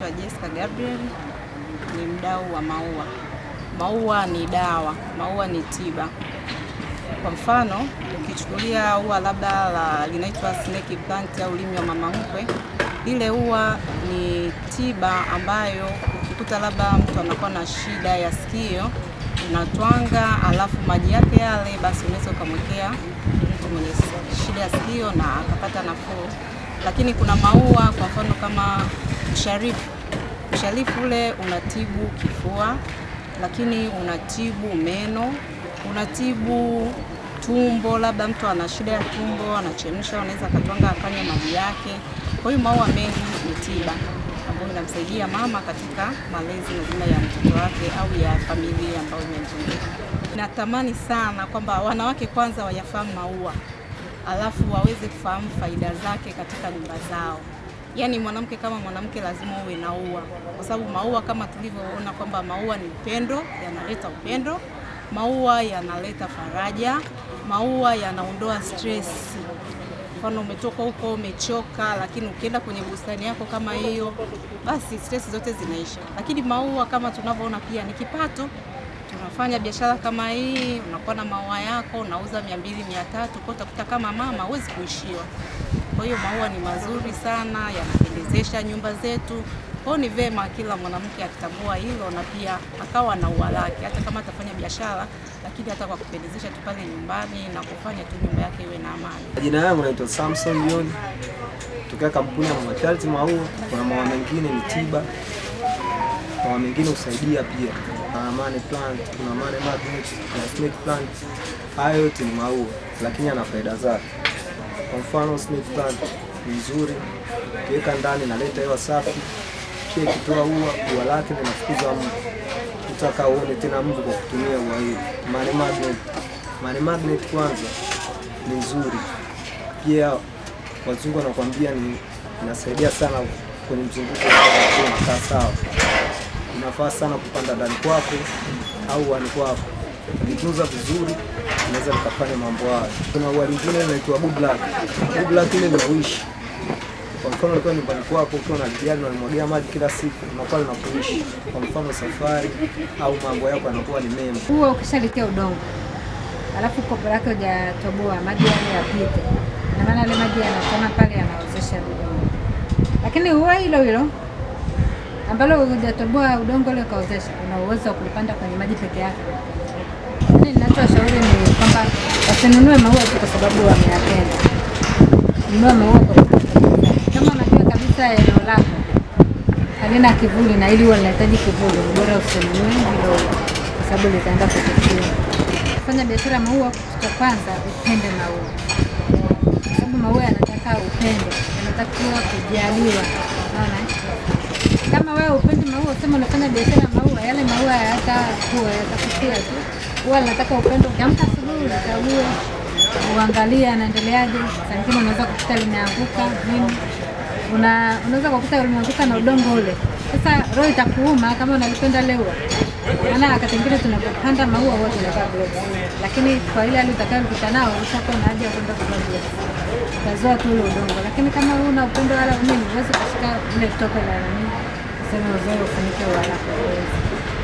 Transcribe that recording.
Jessica Gabriel ni mdau wa maua. Maua ni dawa, maua ni tiba. Kwa mfano, ukichukulia ua labda la linaitwa snake plant au ulimi wa mama mkwe, ile ua ni tiba ambayo ukikuta labda mtu anakuwa na shida ya sikio, unatwanga alafu maji yake yale, basi unaweza ukamwekea mtu mwenye shida ya sikio na akapata nafuu. Lakini kuna maua kwa mfano kama usharifu. Usharifu ule unatibu kifua, lakini unatibu meno, unatibu tumbo, labda mtu ana shida ya tumbo anachemsha, anaweza akatwanga akanywa maji yake. Kwa hiyo maua mengi ni tiba ambayo inamsaidia mama katika malezi mazima ya mtoto wake au ya familia ambayo imemzunguka. Natamani sana kwamba wanawake kwanza wayafahamu maua, alafu waweze kufahamu faida zake katika nyumba zao yani mwanamke kama mwanamke lazima uwe na ua, kwa sababu maua kama tulivyoona kwamba maua ni upendo, yanaleta upendo, maua yanaleta faraja, maua yanaondoa stress. Mfano umetoka huko umechoka, lakini ukienda kwenye bustani yako kama hiyo, basi stress zote zinaisha. Lakini maua kama tunavyoona pia ni kipato tunafanya biashara kama hii, unakuwa na maua yako unauza mia mbili mia tatu kwa utakuta kama mama huwezi kuishiwa. Kwa hiyo maua ni mazuri sana, yanapendezesha nyumba zetu. Kwa hiyo ni vema kila mwanamke akitambua hilo na pia akawa na ua lake, hata kama atafanya biashara, lakini hata kwa kupendezesha tu pale nyumbani na kufanya tu nyumba yake iwe na amani. Jina langu naitwa Samson John, tokea kampuni ya Mama Charity Maua. Kuna maua mengine ni tiba kwa mengine husaidia pia. Kuna mane plant, kuna mane magnet, kuna snake plant. Hayo yote ni maua, lakini yana faida zake. Kwa mfano snake plant ni nzuri, ukiweka ndani naleta hewa safi, pia ikitoa ua, ua lake linafukuza mbu, utaka uone tena mbu kwa kutumia ua hili. Mane magnet, mane magnet kwanza ni nzuri pia, wazungu wanakuambia ni inasaidia sana kwenye mzunguko wa kaa sawa nafasi sana kupanda ndani kwako au wani kwako, ukitunza vizuri unaweza nikafanya mambo hayo. Kuna ua lingine linaitwa bublak. Bublak ile ni uishi. kwa mfano ulikuwa nyumbani kwako ukiwa na jani unamwagia maji kila siku, unakuwa unakuishi. Kwa mfano safari au mambo yako yanakuwa ni mema. Huo ukishalitia udongo alafu kopo lake hujatoboa, maji yale yapite, na maana yale maji yanatona pale, yanaozesha udongo, lakini huo hilo hilo ambalo hujatoboa udongo ule ukaozesha, una uwezo wa kulipanda kwenye maji peke yake. Ninachoshauri ni kwamba wasinunue maua tu kwa sababu wameyapenda. Nunua maua kwa kama unajua kabisa eneo lako halina kivuli na ili linahitaji kivuli, bora usinunue hilo kwa sababu litaenda kukutia. Fanya biashara maua, kitu cha kwanza upende maua, kwa sababu maua yanataka upendo, yanatakiwa kujaliwa, unaona. Kama wewe upendi maua, usema unafanya biashara ya maua, yale maua ya yatakutia tu. Huwa nataka upendo, ukiamka asubuhi ukague, uangalie anaendeleaje. Saa nyingine unaweza kukuta limeanguka nini, unaweza kukuta limeanguka na udongo ule sasa roho itakuuma kama unalipenda leo, maana wakati mwingine tunapopanda maua huwa tunavaa gloves, lakini kwa ile hali utakayokutana nao ushakuwa na haja ya kwenda kwa gloves, utazoa tu ule udongo. Lakini kama una upendo wala nini, huwezi kushika ile tope la nani, sema uzoe ufunike wala